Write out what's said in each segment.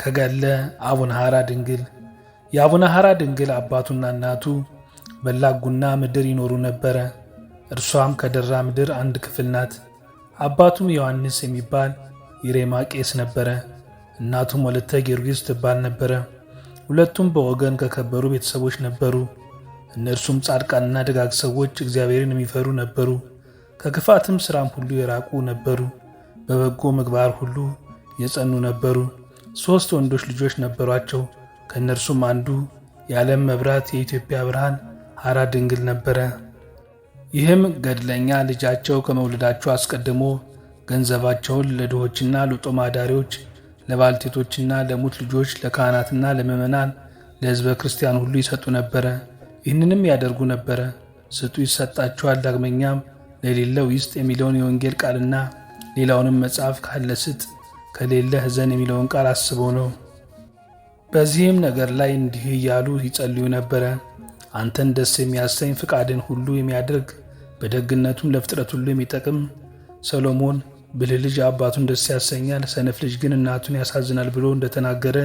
ከገድለ አቡነ ሐራ ድንግል የአቡነ ሐራ ድንግል አባቱና እናቱ በላጉና ምድር ይኖሩ ነበረ። እርሷም ከደራ ምድር አንድ ክፍል ናት። አባቱም ዮሐንስ የሚባል የሬማ ቄስ ነበረ። እናቱም ወለተ ጊዮርጊስ ትባል ነበረ። ሁለቱም በወገን ከከበሩ ቤተሰቦች ነበሩ። እነርሱም ጻድቃንና ደጋግ ሰዎች እግዚአብሔርን የሚፈሩ ነበሩ። ከክፋትም ሥራም ሁሉ የራቁ ነበሩ። በበጎ ምግባር ሁሉ የጸኑ ነበሩ። ሦስት ወንዶች ልጆች ነበሯቸው። ከእነርሱም አንዱ የዓለም መብራት የኢትዮጵያ ብርሃን ሐራ ድንግል ነበረ። ይህም ገድለኛ ልጃቸው ከመውለዳቸው አስቀድሞ ገንዘባቸውን ለድሆችና ለጦም አዳሪዎች፣ ለባልቴቶችና ለሙት ልጆች፣ ለካህናትና ለምዕመናን፣ ለሕዝበ ክርስቲያን ሁሉ ይሰጡ ነበረ። ይህንንም ያደርጉ ነበረ። ስጡ ይሰጣችኋል፣ ዳግመኛም ለሌለው ይስጥ የሚለውን የወንጌል ቃልና ሌላውንም መጽሐፍ ካለ ስጥ ከሌለህ ዘን የሚለውን ቃል አስቦ ነው። በዚህም ነገር ላይ እንዲህ እያሉ ይጸልዩ ነበረ። አንተን ደስ የሚያሰኝ ፍቃድን ሁሉ የሚያደርግ በደግነቱም ለፍጥረት ሁሉ የሚጠቅም ሰሎሞን ብልህ ልጅ አባቱን ደስ ያሰኛል፣ ሰነፍ ልጅ ግን እናቱን ያሳዝናል ብሎ እንደተናገረ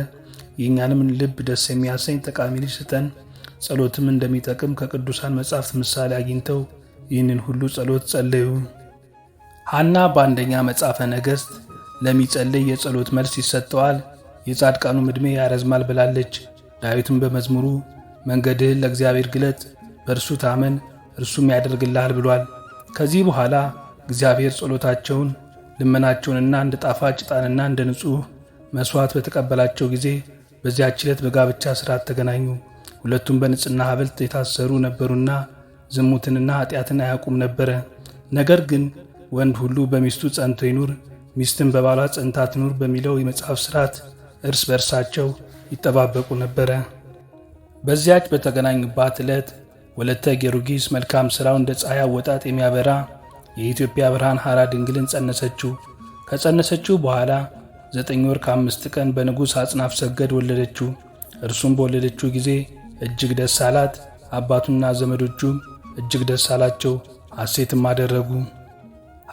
የእኛንም ልብ ደስ የሚያሰኝ ጠቃሚ ልጅ ስጠን። ጸሎትም እንደሚጠቅም ከቅዱሳን መጻሕፍት ምሳሌ አግኝተው ይህንን ሁሉ ጸሎት ጸለዩ። ሐና በአንደኛ መጽሐፈ ነገሥት ለሚጸልይ የጸሎት መልስ ይሰጠዋል፣ የጻድቃኑም ዕድሜ ያረዝማል ብላለች። ዳዊትም በመዝሙሩ መንገድህን ለእግዚአብሔር ግለጥ፣ በእርሱ ታመን፣ እርሱም ያደርግልሃል ብሏል። ከዚህ በኋላ እግዚአብሔር ጸሎታቸውን ልመናቸውንና እንደ ጣፋጭ ዕጣንና እንደ ንጹሕ መሥዋዕት በተቀበላቸው ጊዜ በዚያች ዕለት በጋብቻ ሥርዓት ተገናኙ። ሁለቱም በንጽሕና ሐብል የታሰሩ ነበሩና ዝሙትንና ኃጢአትን አያውቁም ነበረ። ነገር ግን ወንድ ሁሉ በሚስቱ ጸንቶ ይኑር ሚስትን በባሏ ጸንታ ትኑር በሚለው የመጽሐፍ ሥርዓት እርስ በእርሳቸው ይጠባበቁ ነበረ። በዚያች በተገናኙባት ዕለት ወለተ ጌሩጊስ መልካም ሥራው እንደ ፀሐይ አወጣጥ የሚያበራ የኢትዮጵያ ብርሃን ሐራ ድንግልን ጸነሰችው። ከጸነሰችው በኋላ ዘጠኝ ወር ከአምስት ቀን በንጉሥ አጽናፍ ሰገድ ወለደችው። እርሱም በወለደችው ጊዜ እጅግ ደስ አላት። አባቱና ዘመዶቹም እጅግ ደስ አላቸው፣ ሐሴትም አደረጉ።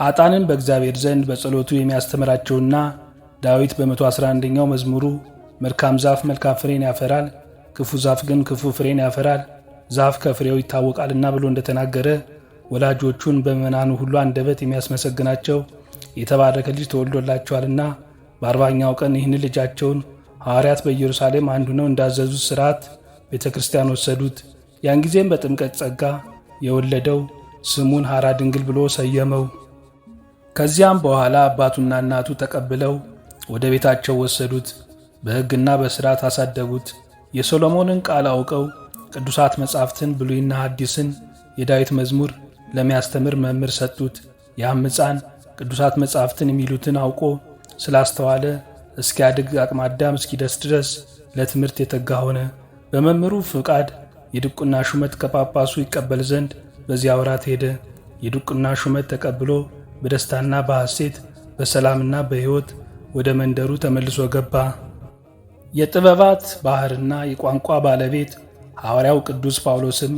ኃጣንን በእግዚአብሔር ዘንድ በጸሎቱ የሚያስተምራቸውና ዳዊት በ 11 ኛው መዝሙሩ መልካም ዛፍ መልካም ፍሬን ያፈራል፣ ክፉ ዛፍ ግን ክፉ ፍሬን ያፈራል፣ ዛፍ ከፍሬው ይታወቃልና ብሎ እንደተናገረ ወላጆቹን በምዕመናኑ ሁሉ አንደበት የሚያስመሰግናቸው የተባረከ ልጅ ተወልዶላቸዋልና በአርባኛው ቀን ይህን ልጃቸውን ሐዋርያት በኢየሩሳሌም አንዱ ነው እንዳዘዙት ሥርዓት ቤተ ክርስቲያን ወሰዱት። ያን ጊዜም በጥምቀት ጸጋ የወለደው ስሙን ሐራ ድንግል ብሎ ሰየመው። ከዚያም በኋላ አባቱና እናቱ ተቀብለው ወደ ቤታቸው ወሰዱት፣ በሕግና በሥርዓት አሳደጉት። የሶሎሞንን ቃል አውቀው ቅዱሳት መጻሕፍትን ብሉይና ሐዲስን የዳዊት መዝሙር ለሚያስተምር መምህር ሰጡት። ያም ሕፃን ቅዱሳት መጻሕፍትን የሚሉትን አውቆ ስላስተዋለ እስኪያድግ አቅማዳም እስኪደርስ ድረስ ለትምህርት የተጋ ሆነ። በመምህሩ ፍቃድ የድቁና ሹመት ከጳጳሱ ይቀበል ዘንድ በዚያ ወራት ሄደ። የድቁና ሹመት ተቀብሎ በደስታና በሐሴት በሰላምና በሕይወት ወደ መንደሩ ተመልሶ ገባ። የጥበባት ባሕርና የቋንቋ ባለቤት ሐዋርያው ቅዱስ ጳውሎስም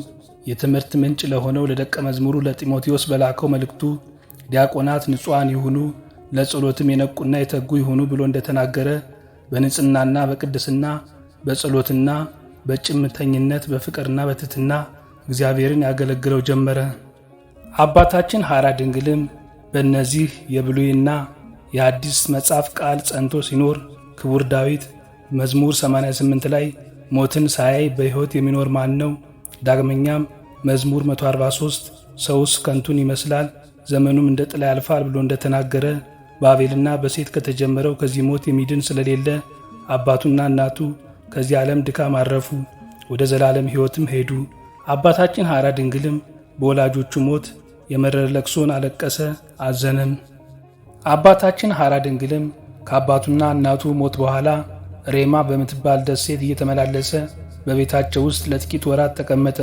የትምህርት ምንጭ ለሆነው ለደቀ መዝሙሩ ለጢሞቴዎስ በላከው መልእክቱ ዲያቆናት ንጹሐን ይሁኑ፣ ለጸሎትም የነቁና የተጉ ይሁኑ ብሎ እንደተናገረ በንጽሕናና በቅድስና በጸሎትና በጭምተኝነት በፍቅርና በትሕትና እግዚአብሔርን ያገለግለው ጀመረ። አባታችን ሐራ ድንግልም በእነዚህ የብሉይና የአዲስ መጽሐፍ ቃል ጸንቶ ሲኖር ክቡር ዳዊት መዝሙር 88 ላይ ሞትን ሳያይ በሕይወት የሚኖር ማን ነው? ዳግመኛም መዝሙር 143 ሰውስ ከንቱን ይመስላል ዘመኑም እንደ ጥላ ያልፋል ብሎ እንደተናገረ በአቤልና በሴት ከተጀመረው ከዚህ ሞት የሚድን ስለሌለ አባቱና እናቱ ከዚህ ዓለም ድካም አረፉ፣ ወደ ዘላለም ሕይወትም ሄዱ። አባታችን ሐራ ድንግልም በወላጆቹ ሞት የመረር ለቅሶን አለቀሰ፣ አዘነም። አባታችን ሐራ ድንግልም ከአባቱና እናቱ ሞት በኋላ ሬማ በምትባል ደሴት እየተመላለሰ በቤታቸው ውስጥ ለጥቂት ወራት ተቀመጠ።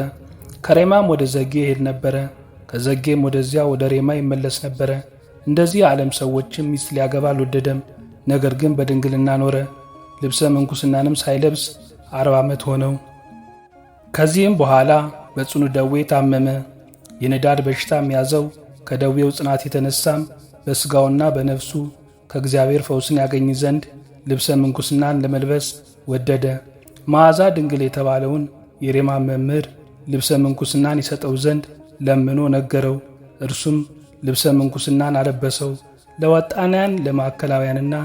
ከሬማም ወደ ዘጌ ይሄድ ነበረ። ከዘጌም ወደዚያ ወደ ሬማ ይመለስ ነበረ። እንደዚህ የዓለም ሰዎችም ሚስት ሊያገባ አልወደደም። ነገር ግን በድንግልና ኖረ። ልብሰ ምንኩስናንም ሳይለብስ አርባ ዓመት ሆነው። ከዚህም በኋላ በጽኑ ደዌ ታመመ። የንዳድ በሽታም ያዘው። ከደዌው ጽናት የተነሳም በሥጋውና በነፍሱ ከእግዚአብሔር ፈውስን ያገኝ ዘንድ ልብሰ ምንኩስናን ለመልበስ ወደደ። መዓዛ ድንግል የተባለውን የሬማ መምህር ልብሰ ምንኩስናን ይሰጠው ዘንድ ለምኖ ነገረው። እርሱም ልብሰ ምንኩስናን አለበሰው። ለወጣንያን ለማዕከላውያንና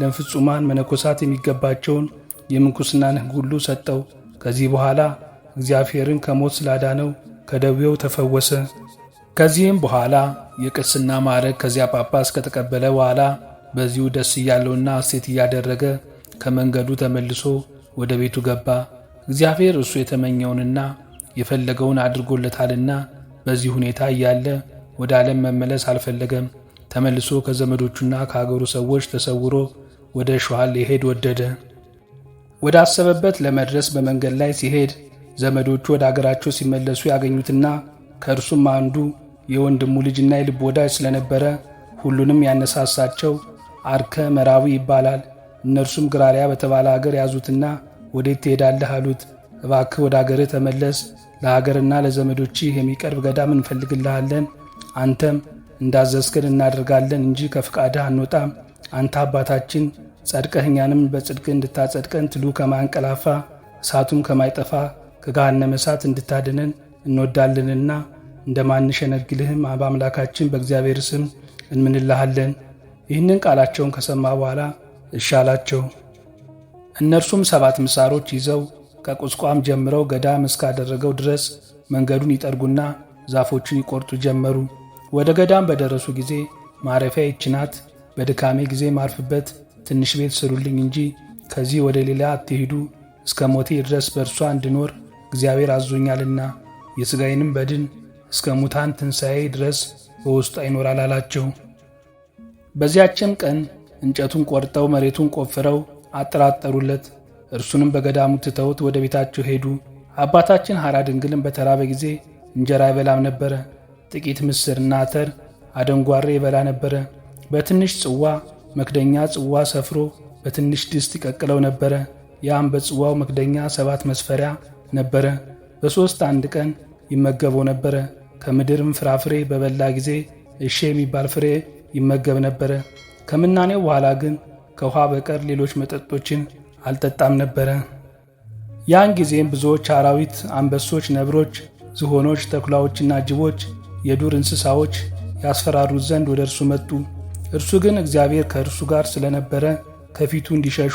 ለፍጹማን መነኮሳት የሚገባቸውን የምንኩስናን ሕግ ሁሉ ሰጠው። ከዚህ በኋላ እግዚአብሔርን ከሞት ስላዳነው ከደዌው ተፈወሰ። ከዚህም በኋላ የቅስና ማዕረግ ከዚያ ጳጳስ ከተቀበለ በኋላ በዚሁ ደስ እያለውና ሐሴት እያደረገ ከመንገዱ ተመልሶ ወደ ቤቱ ገባ። እግዚአብሔር እሱ የተመኘውንና የፈለገውን አድርጎለታልና በዚህ ሁኔታ እያለ ወደ ዓለም መመለስ አልፈለገም። ተመልሶ ከዘመዶቹና ከአገሩ ሰዎች ተሰውሮ ወደ ሸዋል ሊሄድ ወደደ። ወደ አሰበበት ለመድረስ በመንገድ ላይ ሲሄድ ዘመዶቹ ወደ አገራቸው ሲመለሱ ያገኙትና ከእርሱም አንዱ የወንድሙ ልጅና የልብ ወዳጅ ስለነበረ ሁሉንም ያነሳሳቸው አርከ መራዊ ይባላል። እነርሱም ግራሪያ በተባለ አገር ያዙትና ወዴት ትሄዳለህ አሉት። እባክህ ወደ አገርህ ተመለስ፣ ለሀገርና ለዘመዶችህ የሚቀርብ ገዳም እንፈልግልሃለን። አንተም እንዳዘዝክን እናደርጋለን እንጂ ከፍቃድህ አንወጣም። አንተ አባታችን ጸድቀህ እኛንም በጽድቅ እንድታጸድቀን ትሉ ከማንቀላፋ እሳቱም ከማይጠፋ ከገሃነመ እሳት እንድታድነን እንወዳለንና እንደማንሸነግልህም በአምላካችን በእግዚአብሔር ስም እንምንልሃለን። ይህንን ቃላቸውን ከሰማ በኋላ እሻላቸው። እነርሱም ሰባት ምሳሮች ይዘው ከቁስቋም ጀምረው ገዳም እስካደረገው ድረስ መንገዱን ይጠርጉና ዛፎቹን ይቆርጡ ጀመሩ። ወደ ገዳም በደረሱ ጊዜ ማረፊያ ይችናት በድካሜ ጊዜ ማርፍበት ትንሽ ቤት ስሩልኝ እንጂ ከዚህ ወደ ሌላ አትሄዱ፣ እስከ ሞቴ ድረስ በእርሷ እንድኖር እግዚአብሔር አዞኛልና የሥጋዬንም በድን እስከ ሙታን ትንሣኤ ድረስ በውስጥ አይኖራል አላቸው። በዚያችም ቀን እንጨቱን ቆርጠው መሬቱን ቆፍረው አጠራጠሩለት። እርሱንም በገዳሙ ትተውት ወደ ቤታቸው ሄዱ። አባታችን ሐራ ድንግልን በተራበ ጊዜ እንጀራ ይበላም ነበረ። ጥቂት ምስርና አተር አደንጓሬ ይበላ ነበረ። በትንሽ ጽዋ መክደኛ ጽዋ ሰፍሮ በትንሽ ድስት ይቀቅለው ነበረ። ያም በጽዋው መክደኛ ሰባት መስፈሪያ ነበረ። በሦስት አንድ ቀን ይመገበው ነበረ። ከምድርም ፍራፍሬ በበላ ጊዜ እሼ የሚባል ፍሬ ይመገብ ነበረ። ከምናኔው በኋላ ግን ከውኃ በቀር ሌሎች መጠጦችን አልጠጣም ነበረ። ያን ጊዜም ብዙዎች አራዊት፣ አንበሶች፣ ነብሮች፣ ዝሆኖች፣ ተኩላዎችና ጅቦች የዱር እንስሳዎች ያስፈራሩት ዘንድ ወደ እርሱ መጡ። እርሱ ግን እግዚአብሔር ከእርሱ ጋር ስለነበረ ከፊቱ እንዲሸሹ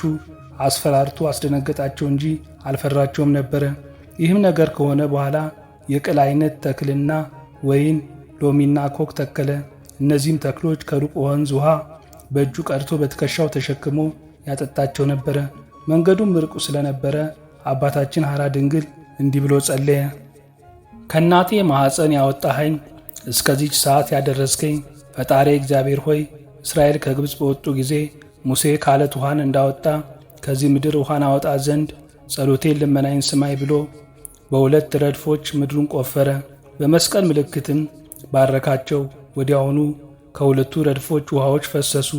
አስፈራርቶ አስደነገጣቸው እንጂ አልፈራቸውም ነበረ። ይህም ነገር ከሆነ በኋላ የቅል አይነት ተክልና ወይን፣ ሎሚና ኮክ ተከለ። እነዚህም ተክሎች ከሩቅ ወንዝ ውሃ በእጁ ቀድቶ በትከሻው ተሸክሞ ያጠጣቸው ነበረ። መንገዱም ርቁ ስለነበረ አባታችን ሐራ ድንግል እንዲህ ብሎ ጸለየ። ከእናቴ ማኅፀን ያወጣኸኝ እስከዚች ሰዓት ያደረስከኝ ፈጣሪ እግዚአብሔር ሆይ እስራኤል ከግብፅ በወጡ ጊዜ ሙሴ ካለት ውሃን እንዳወጣ ከዚህ ምድር ውሃን አወጣ ዘንድ ጸሎቴን ልመናይን ስማይ ብሎ በሁለት ረድፎች ምድሩን ቆፈረ፣ በመስቀል ምልክትም ባረካቸው። ወዲያውኑ ከሁለቱ ረድፎች ውሃዎች ፈሰሱ።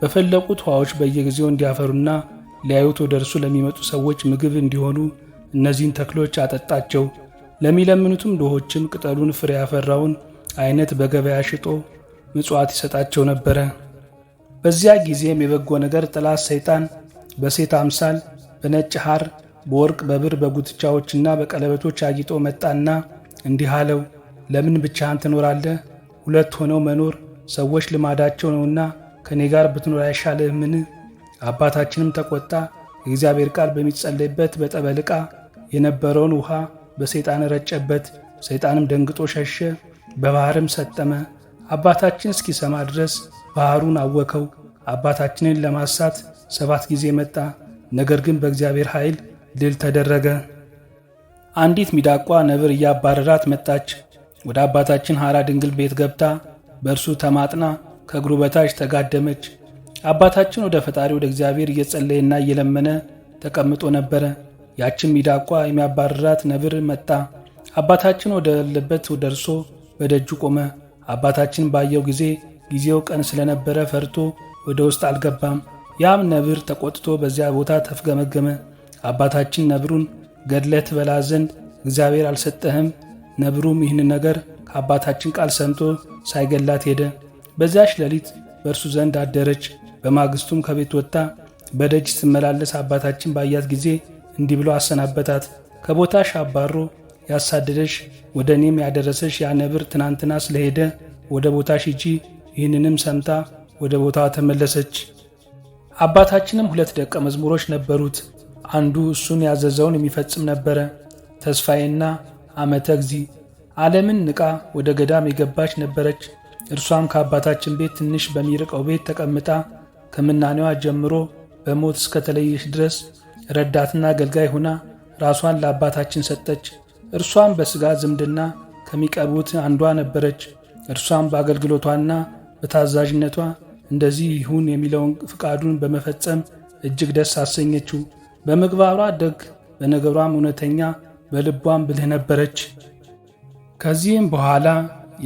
በፈለቁት ውሃዎች በየጊዜው እንዲያፈሩና ሊያዩት ወደ እርሱ ለሚመጡ ሰዎች ምግብ እንዲሆኑ እነዚህን ተክሎች አጠጣቸው። ለሚለምኑትም ድሆችም ቅጠሉን ፍሬ ያፈራውን አይነት በገበያ ሽጦ ምጽዋት ይሰጣቸው ነበረ። በዚያ ጊዜም የበጎ ነገር ጠላት ሰይጣን በሴት አምሳል በነጭ ሐር በወርቅ በብር በጉትቻዎችና በቀለበቶች አጊጦ መጣና እንዲህ አለው፣ ለምን ብቻህን ትኖራለህ? ሁለት ሆነው መኖር ሰዎች ልማዳቸው ነውና ከእኔ ጋር ብትኖር ምን አባታችንም ተቆጣ። የእግዚአብሔር ቃል በሚጸለይበት በጠበልቃ የነበረውን ውሃ በሰይጣን ረጨበት። ሰይጣንም ደንግጦ ሸሸ፣ በባህርም ሰጠመ። አባታችን እስኪሰማ ድረስ ባህሩን አወከው። አባታችንን ለማሳት ሰባት ጊዜ መጣ። ነገር ግን በእግዚአብሔር ኃይል ድል ተደረገ። አንዲት ሚዳቋ ነብር እያባረራት መጣች። ወደ አባታችን ሐራ ድንግል ቤት ገብታ በእርሱ ተማጥና ከእግሩ በታች ተጋደመች። አባታችን ወደ ፈጣሪ ወደ እግዚአብሔር እየጸለየና እየለመነ ተቀምጦ ነበረ። ያችን ሚዳቋ የሚያባረራት ነብር መጣ። አባታችን ወደ ያለበት ደርሶ በደጁ ቆመ። አባታችን ባየው ጊዜ ጊዜው ቀን ስለነበረ ፈርቶ ወደ ውስጥ አልገባም። ያም ነብር ተቆጥቶ በዚያ ቦታ ተፍገመገመ። አባታችን ነብሩን ገድለህ ትበላ ዘንድ እግዚአብሔር አልሰጠህም። ነብሩም ይህን ነገር ከአባታችን ቃል ሰምቶ ሳይገላት ሄደ። በዚያች ሌሊት በእርሱ ዘንድ አደረች። በማግስቱም ከቤት ወጥታ በደጅ ስትመላለስ አባታችን ባያት ጊዜ እንዲህ ብሎ አሰናበታት። ከቦታሽ አባሮ ያሳደደሽ ወደ እኔም ያደረሰሽ ያ ነብር ትናንትና ስለሄደ ወደ ቦታሽ ሂጂ። ይህንንም ሰምታ ወደ ቦታዋ ተመለሰች። አባታችንም ሁለት ደቀ መዝሙሮች ነበሩት። አንዱ እሱን ያዘዘውን የሚፈጽም ነበረ። ተስፋዬና አመተ እግዚ ዓለምን ንቃ ወደ ገዳም የገባች ነበረች። እርሷም ከአባታችን ቤት ትንሽ በሚርቀው ቤት ተቀምጣ ከምናኔዋ ጀምሮ በሞት እስከተለየች ድረስ ረዳትና አገልጋይ ሆና ራሷን ለአባታችን ሰጠች። እርሷም በሥጋ ዝምድና ከሚቀርቡት አንዷ ነበረች። እርሷም በአገልግሎቷና በታዛዥነቷ እንደዚህ ይሁን የሚለውን ፍቃዱን በመፈጸም እጅግ ደስ አሰኘችው። በምግባሯ ደግ፣ በነገሯም እውነተኛ፣ በልቧም ብልህ ነበረች። ከዚህም በኋላ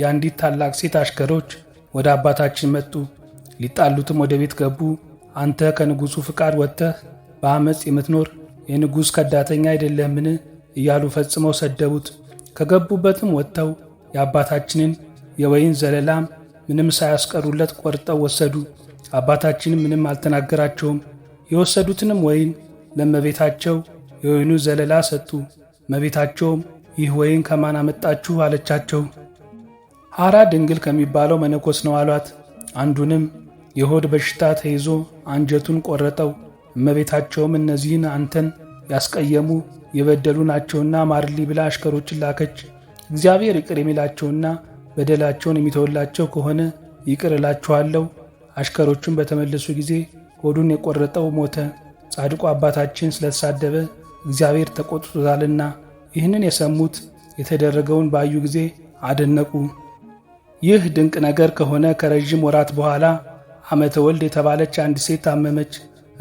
የአንዲት ታላቅ ሴት አሽከሮች ወደ አባታችን መጡ፣ ሊጣሉትም ወደ ቤት ገቡ። አንተ ከንጉሡ ፍቃድ ወጥተህ በአመፅ የምትኖር የንጉሥ ከዳተኛ አይደለምን እያሉ ፈጽመው ሰደቡት። ከገቡበትም ወጥተው የአባታችንን የወይን ዘለላም ምንም ሳያስቀሩለት ቆርጠው ወሰዱ። አባታችንም ምንም አልተናገራቸውም። የወሰዱትንም ወይን ለእመቤታቸው የወይኑ ዘለላ ሰጡ። እመቤታቸውም ይህ ወይን ከማን አመጣችሁ አለቻቸው። ሐራ ድንግል ከሚባለው መነኮስ ነው አሏት። አንዱንም የሆድ በሽታ ተይዞ አንጀቱን ቆረጠው። እመቤታቸውም እነዚህን አንተን ያስቀየሙ የበደሉ ናቸውና ማርሊ ብላ አሽከሮችን ላከች። እግዚአብሔር ይቅር የሚላቸውና በደላቸውን የሚተወላቸው ከሆነ ይቅር እላችኋለሁ። አሽከሮቹን በተመለሱ ጊዜ ሆዱን የቆረጠው ሞተ። ጻድቁ አባታችን ስለተሳደበ እግዚአብሔር ተቆጥቶታልና። ይህንን የሰሙት የተደረገውን ባዩ ጊዜ አደነቁ። ይህ ድንቅ ነገር ከሆነ ከረዥም ወራት በኋላ ዓመተ ወልድ የተባለች አንድ ሴት ታመመች።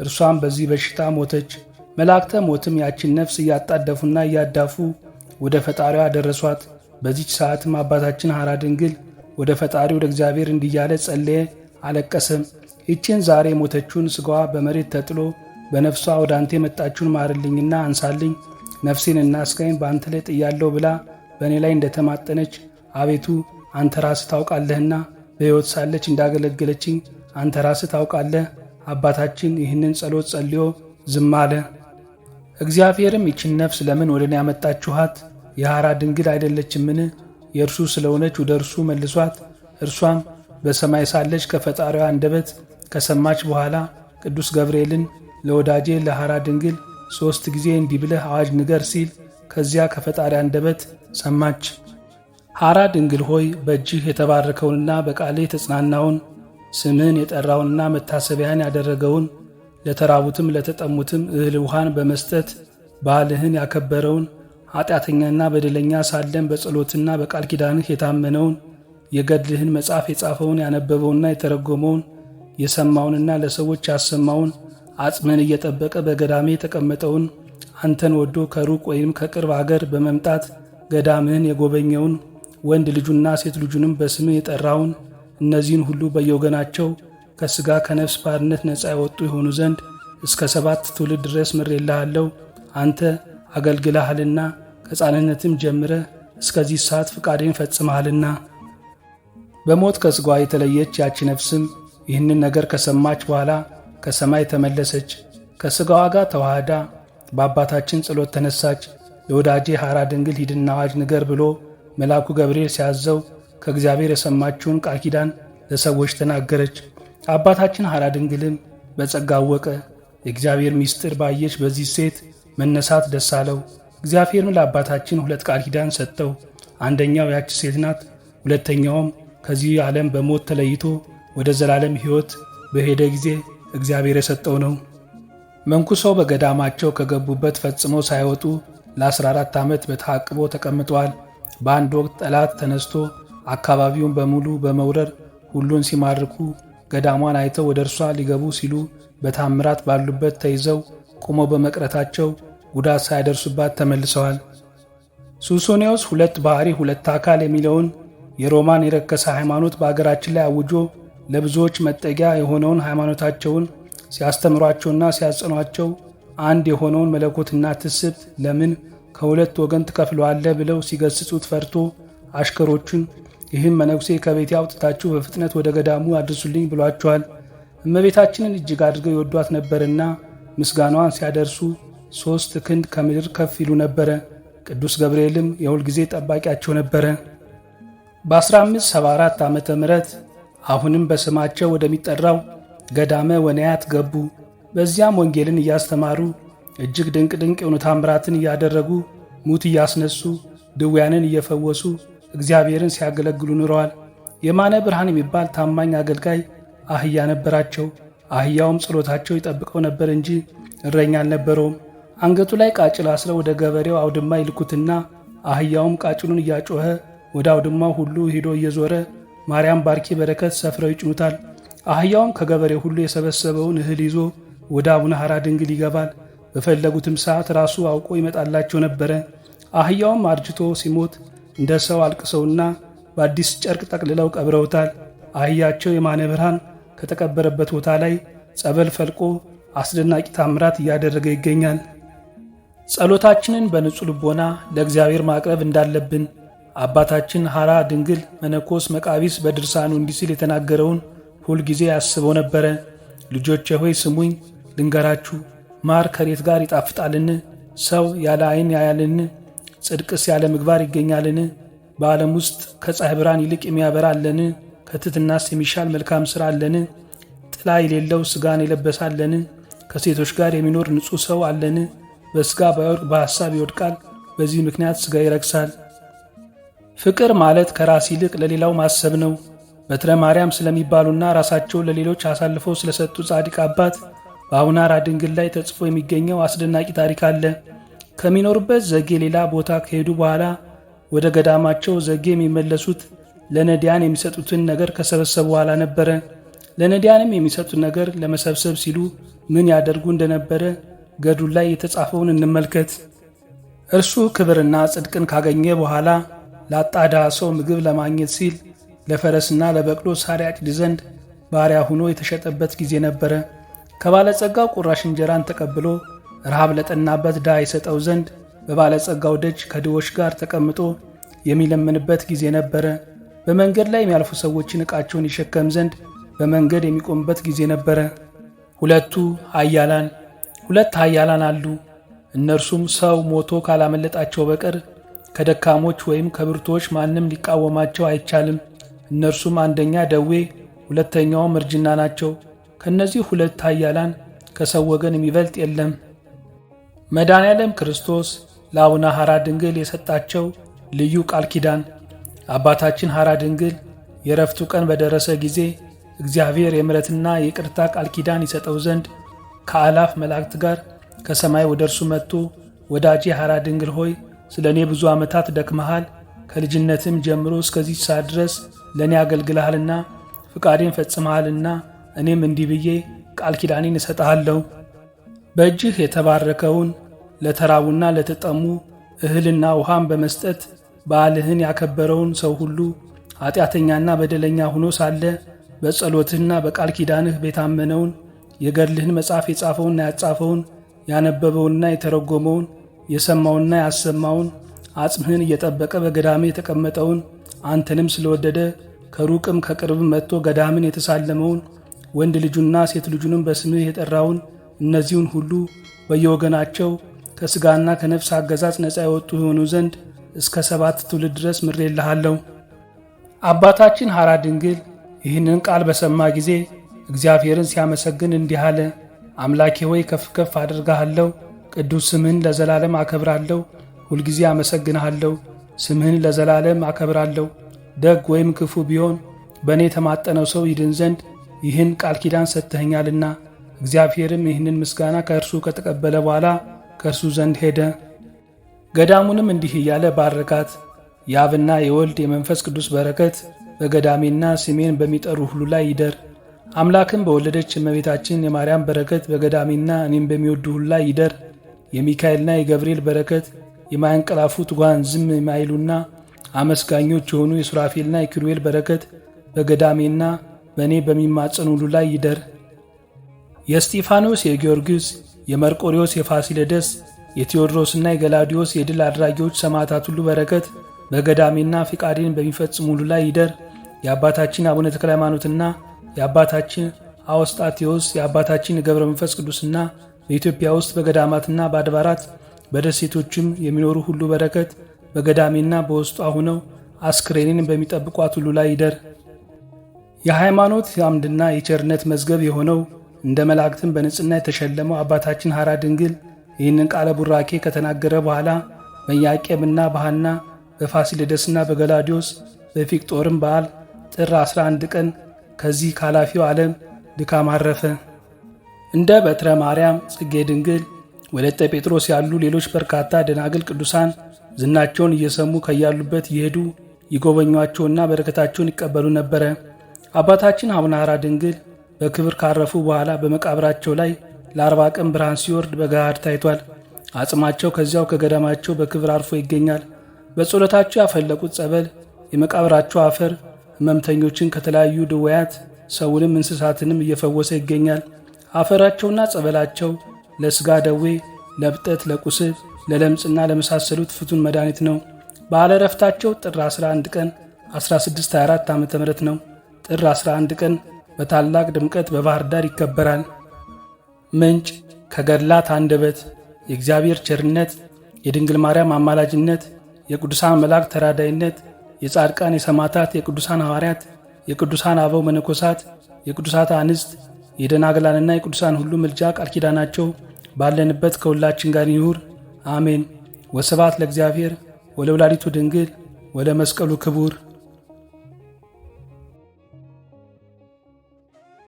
እርሷም በዚህ በሽታ ሞተች። መላእክተ ሞትም ያችን ነፍስ እያጣደፉና እያዳፉ ወደ ፈጣሪዋ አደረሷት። በዚች ሰዓትም አባታችን ሐራ ድንግል ወደ ፈጣሪ ወደ እግዚአብሔር እንዲያለ ጸለየ፣ አለቀሰም። ይችን ዛሬ ሞተችውን ሥጋዋ በመሬት ተጥሎ በነፍሷ ወደ አንተ የመጣችውን ማርልኝና አንሳልኝ፣ ነፍሴንና ሥጋዬን በአንተ ላይ ጥያለሁ ብላ በእኔ ላይ እንደተማጠነች አቤቱ አንተ ራስህ ታውቃለህና በሕይወት ሳለች እንዳገለገለችኝ አንተ ራስህ ታውቃለህ። አባታችን ይህንን ጸሎት ጸልዮ ዝም አለ። እግዚአብሔርም ይችን ነፍስ ለምን ወደ እኔ ያመጣችኋት? የሐራ ድንግል አይደለችምን? የእርሱ ስለሆነች ወደ እርሱ መልሷት። እርሷም በሰማይ ሳለች ከፈጣሪዋ አንደበት ከሰማች በኋላ ቅዱስ ገብርኤልን ለወዳጄ ለሐራ ድንግል ሦስት ጊዜ እንዲህ ብለህ አዋጅ ንገር ሲል ከዚያ ከፈጣሪ አንደበት ሰማች። ሐራ ድንግል ሆይ በእጅህ የተባረከውንና በቃሌ የተጽናናውን ስምህን የጠራውንና መታሰቢያን ያደረገውን ለተራቡትም ለተጠሙትም እህል ውሃን በመስጠት ባህልህን ያከበረውን ኃጢአተኛና በደለኛ ሳለን በጸሎትና በቃል ኪዳንህ የታመነውን የገድልህን መጽሐፍ የጻፈውን ያነበበውና የተረጎመውን የሰማውንና ለሰዎች ያሰማውን አጽምን እየጠበቀ በገዳሜ የተቀመጠውን አንተን ወዶ ከሩቅ ወይም ከቅርብ አገር በመምጣት ገዳምህን የጎበኘውን ወንድ ልጁና ሴት ልጁንም በስምህ የጠራውን እነዚህን ሁሉ በየወገናቸው ከሥጋ ከነፍስ ባርነት ነፃ የወጡ የሆኑ ዘንድ እስከ ሰባት ትውልድ ድረስ ምሬልሃለሁ። አንተ አገልግለሃልና ከሕፃንነትም ጀምረ እስከዚህ ሰዓት ፍቃዴን ፈጽመሃልና። በሞት ከሥጓ የተለየች ያቺ ነፍስም ይህንን ነገር ከሰማች በኋላ ከሰማይ ተመለሰች፣ ከሥጋዋ ጋር ተዋህዳ በአባታችን ጸሎት ተነሳች። የወዳጄ ሐራ ድንግል ሂድና አዋጅ ንገር ብሎ መልአኩ ገብርኤል ሲያዘው ከእግዚአብሔር የሰማችውን ቃል ኪዳን ለሰዎች ተናገረች። አባታችን ሐራ ድንግልም በጸጋ አወቀ። የእግዚአብሔር ምስጢር ባየች በዚህ ሴት መነሳት ደስ አለው። እግዚአብሔርም ለአባታችን ሁለት ቃል ኪዳን ሰጠው። አንደኛው ያች ሴት ናት። ሁለተኛውም ከዚህ ዓለም በሞት ተለይቶ ወደ ዘላለም ሕይወት በሄደ ጊዜ እግዚአብሔር የሰጠው ነው። መንኩሰው በገዳማቸው ከገቡበት ፈጽመው ሳይወጡ ለ14 ዓመት በተዓቅቦ ተቀምጠዋል። በአንድ ወቅት ጠላት ተነስቶ አካባቢውን በሙሉ በመውረር ሁሉን ሲማርኩ ገዳሟን አይተው ወደ እርሷ ሊገቡ ሲሉ በታምራት ባሉበት ተይዘው ቆመው በመቅረታቸው ጉዳት ሳያደርሱባት ተመልሰዋል። ሱሶኒዎስ ሁለት ባሕሪ ሁለት አካል የሚለውን የሮማን የረከሰ ሃይማኖት በአገራችን ላይ አውጆ ለብዙዎች መጠጊያ የሆነውን ሃይማኖታቸውን ሲያስተምሯቸውና ሲያጽኗቸው አንድ የሆነውን መለኮትና ትስብእት ለምን ከሁለት ወገን ትከፍለዋለህ ብለው ሲገስጹት ፈርቶ አሽከሮቹን ይህም መነኩሴ ከቤቴ አውጥታችሁ በፍጥነት ወደ ገዳሙ አድርሱልኝ ብሏቸዋል። እመቤታችንን እጅግ አድርገው ይወዷት ነበርና ምስጋናዋን ሲያደርሱ ሦስት ክንድ ከምድር ከፍ ይሉ ነበረ። ቅዱስ ገብርኤልም የሁልጊዜ ጠባቂያቸው ነበረ። በ1574 ዓ ም አሁንም በስማቸው ወደሚጠራው ገዳመ ወንያት ገቡ። በዚያም ወንጌልን እያስተማሩ እጅግ ድንቅ ድንቅ የሆኑ ታምራትን እያደረጉ ሙት እያስነሱ ድውያንን እየፈወሱ እግዚአብሔርን ሲያገለግሉ ኑረዋል። የማነ ብርሃን የሚባል ታማኝ አገልጋይ አህያ ነበራቸው። አህያውም ጸሎታቸው ይጠብቀው ነበር እንጂ እረኛ አልነበረውም። አንገቱ ላይ ቃጭል አስረው ወደ ገበሬው አውድማ ይልኩትና አህያውም ቃጭሉን እያጮኸ ወደ አውድማው ሁሉ ሂዶ እየዞረ ማርያም ባርኪ በረከት ሰፍረው ይጭኑታል። አህያውም ከገበሬ ሁሉ የሰበሰበውን እህል ይዞ ወደ አቡነ ሐራ ድንግል ይገባል። በፈለጉትም ሰዓት ራሱ አውቆ ይመጣላቸው ነበረ። አህያውም አርጅቶ ሲሞት እንደ ሰው አልቅሰውና በአዲስ ጨርቅ ጠቅልለው ቀብረውታል። አህያቸው የማነ ብርሃን ከተቀበረበት ቦታ ላይ ጸበል ፈልቆ አስደናቂ ታምራት እያደረገ ይገኛል። ጸሎታችንን በንጹሕ ልቦና ለእግዚአብሔር ማቅረብ እንዳለብን አባታችን ሐራ ድንግል መነኮስ መቃቢስ በድርሳኑ እንዲህ ሲል የተናገረውን ሁልጊዜ አስበው ነበረ። ልጆቼ ሆይ ስሙኝ ልንገራችሁ። ማር ከሬት ጋር ይጣፍጣልን? ሰው ያለ ዓይን ያያልን? ጽድቅስ ያለ ምግባር ይገኛልን? በዓለም ውስጥ ከፀሐይ ብርሃን ይልቅ የሚያበራ አለን? ከትትናስ የሚሻል መልካም ሥራ አለን? ጥላ የሌለው ሥጋን የለበሳለን ከሴቶች ጋር የሚኖር ንጹሕ ሰው አለን? በሥጋ ባይወድቅ በሐሳብ ይወድቃል። በዚህ ምክንያት ሥጋ ይረክሳል። ፍቅር ማለት ከራስ ይልቅ ለሌላው ማሰብ ነው። በትረ ማርያም ስለሚባሉና ራሳቸውን ለሌሎች አሳልፈው ስለሰጡ ጻድቅ አባት በአቡነ አራ ድንግል ላይ ተጽፎ የሚገኘው አስደናቂ ታሪክ አለ። ከሚኖሩበት ዘጌ ሌላ ቦታ ከሄዱ በኋላ ወደ ገዳማቸው ዘጌ የሚመለሱት ለነዳያን የሚሰጡትን ነገር ከሰበሰቡ በኋላ ነበረ። ለነዳያንም የሚሰጡት ነገር ለመሰብሰብ ሲሉ ምን ያደርጉ እንደነበረ ገዱ ላይ የተጻፈውን እንመልከት። እርሱ ክብርና ጽድቅን ካገኘ በኋላ ለአጣዳ ሰው ምግብ ለማግኘት ሲል ለፈረስና ለበቅሎ ሳር ያጭድ ዘንድ ባሪያ ሆኖ የተሸጠበት ጊዜ ነበረ። ከባለጸጋው ቁራሽ እንጀራን ተቀብሎ ረሃብ ለጠናበት ድሃ ይሰጠው ዘንድ በባለጸጋው ደጅ ከድሆች ጋር ተቀምጦ የሚለምንበት ጊዜ ነበረ። በመንገድ ላይ የሚያልፉ ሰዎችን ዕቃቸውን ይሸከም ዘንድ በመንገድ የሚቆምበት ጊዜ ነበረ። ሁለቱ ኃያላን ሁለት ኃያላን አሉ። እነርሱም ሰው ሞቶ ካላመለጣቸው በቀር ከደካሞች ወይም ከብርቶች ማንም ሊቃወማቸው አይቻልም። እነርሱም አንደኛ ደዌ፣ ሁለተኛውም እርጅና ናቸው። ከእነዚህ ሁለት ኃያላን ከሰው ወገን የሚበልጥ የለም። መድኃኔ ክርስቶስ ለአቡነ ሐራ ድንግል የሰጣቸው ልዩ ቃል ኪዳን። አባታችን ሐራ ድንግል የረፍቱ ቀን በደረሰ ጊዜ እግዚአብሔር የምረትና የቅርታ ቃል ኪዳን ይሰጠው ዘንድ ከአላፍ መላእክት ጋር ከሰማይ ወደ እርሱ መጥቶ ወዳጄ ሐራ ድንግል ሆይ ስለ እኔ ብዙ ዓመታት ደክመሃል፣ ከልጅነትም ጀምሮ እስከዚህ ሰዓት ድረስ ለእኔ አገልግልሃልና ፍቃዴን ፈጽመሃልና እኔም እንዲህ ብዬ ቃል ኪዳኔን እሰጠሃለሁ። በእጅህ የተባረከውን ለተራቡና ለተጠሙ እህልና ውሃም በመስጠት በዓልህን ያከበረውን ሰው ሁሉ ኃጢአተኛና በደለኛ ሆኖ ሳለ በጸሎትህና በቃል ኪዳንህ ቤታመነውን የገድልህን መጽሐፍ የጻፈውንና ያጻፈውን ያነበበውንና የተረጎመውን የሰማውና ያሰማውን አጽምህን እየጠበቀ በገዳሜ የተቀመጠውን አንተንም ስለወደደ ከሩቅም ከቅርብም መጥቶ ገዳምን የተሳለመውን ወንድ ልጁና ሴት ልጁንም በስምህ የጠራውን እነዚሁን ሁሉ በየወገናቸው ከሥጋና ከነፍስ አገዛዝ ነፃ የወጡ የሆኑ ዘንድ እስከ ሰባት ትውልድ ድረስ ምሬልሃለሁ። አባታችን ሐራ ድንግል ይህንን ቃል በሰማ ጊዜ እግዚአብሔርን ሲያመሰግን እንዲህ አለ። አምላኬ ሆይ ከፍ ከፍ አድርግሃለሁ ቅዱስ ስምህን ለዘላለም አከብራለሁ፣ ሁልጊዜ አመሰግንሃለሁ። ስምህን ለዘላለም አከብራለሁ። ደግ ወይም ክፉ ቢሆን በእኔ የተማጠነው ሰው ይድን ዘንድ ይህን ቃል ኪዳን ሰጥተኸኛልና። እግዚአብሔርም ይህንን ምስጋና ከእርሱ ከተቀበለ በኋላ ከእርሱ ዘንድ ሄደ። ገዳሙንም እንዲህ እያለ ባረካት። የአብና የወልድ የመንፈስ ቅዱስ በረከት በገዳሜና ስሜን በሚጠሩ ሁሉ ላይ ይደር። አምላክም በወለደች እመቤታችን የማርያም በረከት በገዳሜና እኔም በሚወዱ ሁሉ ላይ ይደር። የሚካኤልና የገብርኤል በረከት የማያንቀላፉት ጓን ዝም የማይሉና አመስጋኞች የሆኑ የሱራፌልና የኪሩቤል በረከት በገዳሜና በእኔ በሚማጸን ሁሉ ላይ ይደር። የእስጢፋኖስ፣ የጊዮርጊስ፣ የመርቆሪዎስ፣ የፋሲለደስ፣ የቴዎድሮስና የገላውዲዮስ የድል አድራጊዎች ሰማዕታት ሁሉ በረከት በገዳሜና ፍቃዴን በሚፈጽም ሁሉ ላይ ይደር። የአባታችን አቡነ ተክለ ሃይማኖትና የአባታችን አወስጣቴዎስ የአባታችን ገብረ መንፈስ ቅዱስና በኢትዮጵያ ውስጥ በገዳማትና በአድባራት በደሴቶችም የሚኖሩ ሁሉ በረከት በገዳሜና በውስጧ ሆነው አስክሬኔን በሚጠብቋት ሁሉ ላይ ይደር። የሃይማኖት አምድና የቸርነት መዝገብ የሆነው እንደ መላእክትም በንጽህና የተሸለመው አባታችን ሐራ ድንግል ይህንን ቃለ ቡራኬ ከተናገረ በኋላ በኢያቄምና በሐና በፋሲለደስና በገላዲዮስ በፊቅጦርም በዓል ጥር 11 ቀን ከዚህ ካላፊው ዓለም ድካም አረፈ። እንደ በትረ ማርያም፣ ጽጌ ድንግል፣ ወለተ ጴጥሮስ ያሉ ሌሎች በርካታ ደናግል ቅዱሳን ዝናቸውን እየሰሙ ከያሉበት ይሄዱ ይጎበኟቸውና በረከታቸውን ይቀበሉ ነበረ። አባታችን አቡነ ሐራ ድንግል በክብር ካረፉ በኋላ በመቃብራቸው ላይ ለአርባ ቀን ብርሃን ሲወርድ በገሃድ ታይቷል። አጽማቸው ከዚያው ከገዳማቸው በክብር አርፎ ይገኛል። በጸሎታቸው ያፈለቁት ጸበል፣ የመቃብራቸው አፈር ህመምተኞችን ከተለያዩ ድወያት ሰውንም እንስሳትንም እየፈወሰ ይገኛል። አፈራቸውና ጸበላቸው ለስጋ ደዌ፣ ለብጠት፣ ለቁስል፣ ለለምጽና ለመሳሰሉት ፍቱን መድኃኒት ነው። በዓለ ረፍታቸው ጥር 11 ቀን 1624 ዓ ም ነው። ጥር 11 ቀን በታላቅ ድምቀት በባህር ዳር ይከበራል። ምንጭ ከገድላት አንደበት የእግዚአብሔር ቸርነት፣ የድንግል ማርያም አማላጅነት፣ የቅዱሳን መልአክ ተራዳይነት፣ የጻድቃን የሰማዕታት፣ የቅዱሳን ሐዋርያት፣ የቅዱሳን አበው መነኮሳት፣ የቅዱሳት አንስት የደናግላንና የቅዱሳን ሁሉ ምልጃ ቃል ኪዳናቸው ባለንበት ከሁላችን ጋር ይኑር፣ አሜን። ወስብሐት ለእግዚአብሔር ወለወላዲቱ ድንግል ወለመስቀሉ ክቡር